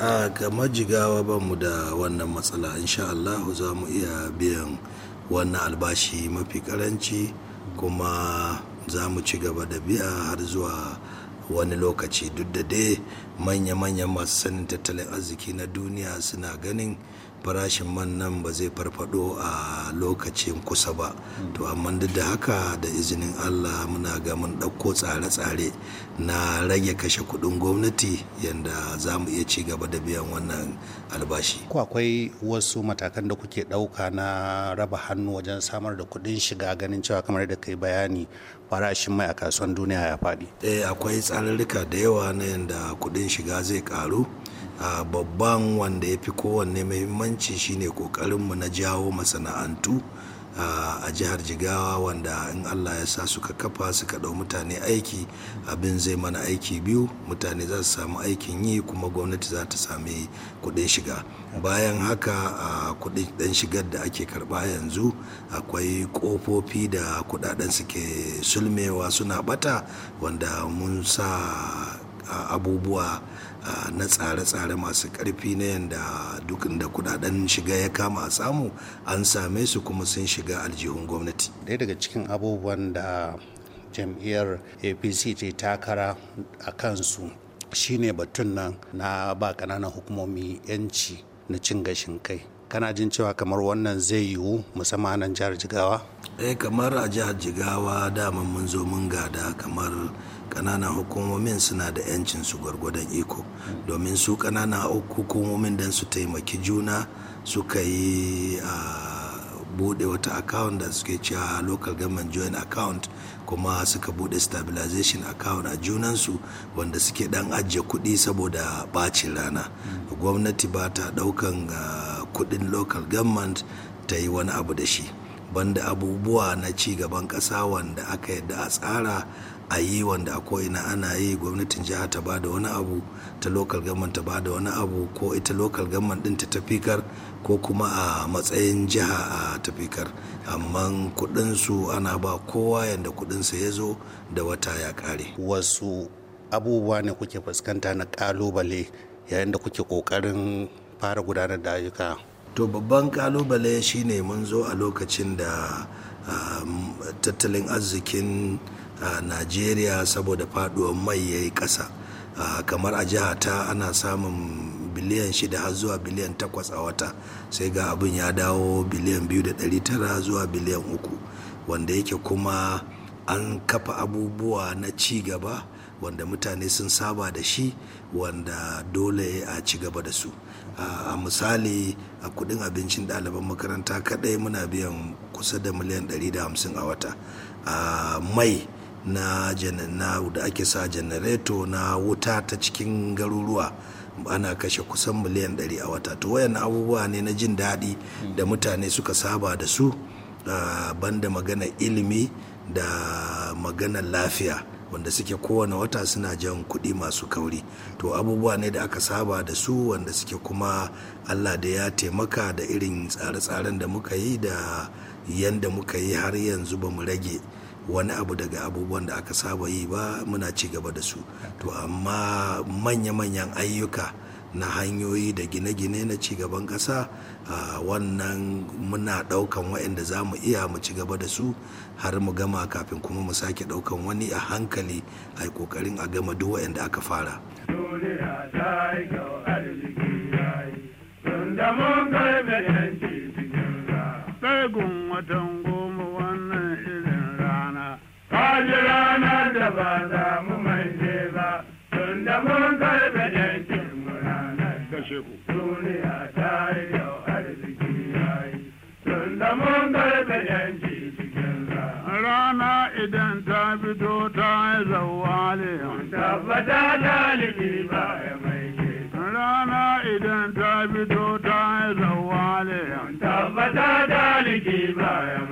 a ga majigawa ba mu da wannan matsala insha Allah za mu iya biyan wannan albashi mafi karanci kuma za mu ci gaba da biya har zuwa wani lokaci duk da dai manya-manyan masu sanin tattalin arziki na duniya suna ganin farashin man nan ba zai farfado a lokacin kusa ba to amma duk da haka da izinin allah muna ga mun ɗauko tsare-tsare na rage kashe kuɗin gwamnati yadda za mu iya ci gaba da biyan wannan albashi ko akwai wasu matakan da kuke ɗauka na raba hannu wajen samar da kuɗin shiga ganin cewa kamar da kai bayani farashin mai a kasuwan duniya ya faɗi eh akwai tsarurruka da yawa na yadda kuɗin shiga zai ƙaru a babban wanda ya fi kowanne muhimmanci shine kokarinmu na jawo masana'antu a jihar jigawa wanda in allah ya sa suka kafa suka ɗau mutane aiki abin zai mana aiki biyu mutane za su samu aikin yi kuma gwamnati za ta sami kuɗin shiga bayan haka a kuɗin ɗan shigar da ake karba yanzu akwai kofofi da kuɗaɗen suke sulmewa suna ɓata wanda mun sa abubuwa na tsare-tsare masu karfi na yadda duk da kudaden shiga ya kama a samu an same su kuma sun shiga aljihun gwamnati ɗaya daga cikin abubuwan da jam'iyyar apc ce takara a kansu shine batun nan na ba ƙananan hukumomi 'yanci na cin gashin kai kana jin cewa kamar wannan zai yiwu musamman nan jihar jigawa eh kamar a jihar jigawa dama mun zo mun gada kamar kananan hukumomin suna da 'yancin su gwargwadon iko domin su kananan hukumomin don su taimaki juna suka yi bude wata account da suke cewa local government joint account kuma suka bude stabilization account a junansu wanda suke dan ajiye kudi saboda bacin rana gwamnati ba ta daukan kudin local government ta yi wani abu da shi banda abubuwa na ci gaban ƙasa wanda aka yadda a tsara a yi wanda a ina ana yi gwamnatin jiha ta ba da wani abu ta local government ta ba da wani abu ko ita local government ɗin ta tafikar ko kuma a matsayin jiha a tafikar amma kuɗinsu ana ba kowa yadda kuɗinsa ya zo da wata ya kare. wasu abubuwa ne kuke fuskanta na kalubale yayin da kuke ƙoƙarin fara gudanar da ayyuka to babban kalubale shine mun zo a lokacin da um, tattalin arzikin uh, najeriya saboda faduwar mai ya yi ƙasa uh, kamar a jihata ana samun biliyan shida har zuwa biliyan takwas a wata sai ga abin ya dawo biliyan biyu da ɗari tara zuwa biliyan uku wanda yake kuma an kafa abubuwa na ci gaba wanda mutane sun saba da shi wanda dole a ci gaba da su a misali a kudin abincin ɗaliban makaranta kaɗai muna biyan kusa da miliyan 150 a wata a mai na da ake sa janareto na wuta ta cikin garuruwa ana kashe kusan miliyan 100 a wata to wayan abubuwa ne na jin daɗi da mutane suka saba da su banda magana ilimi da magana lafiya wanda suke kowane wata suna jan kuɗi masu kauri to abubuwa ne da aka saba da su wanda suke kuma allah da ya taimaka da irin tsare-tsaren da muka yi da yanda muka yi har yanzu ba mu rage wani abu daga abubuwan da aka saba yi ba muna ci gaba da su to amma manya-manyan ayyuka na hanyoyi da gine-gine na cigaban ƙasa wannan muna ɗaukan waɗanda za mu iya mu ci gaba da su har mu gama kafin kuma mu sake ɗaukan wani a hankali a yi ƙoƙarin a gama duk waɗanda aka fara. watan goma wannan irin rana, da ba za mu alaihi tabbata dalibi ba ya mai rana idan ta fito ta yi zawale tabbata dalibi ba ya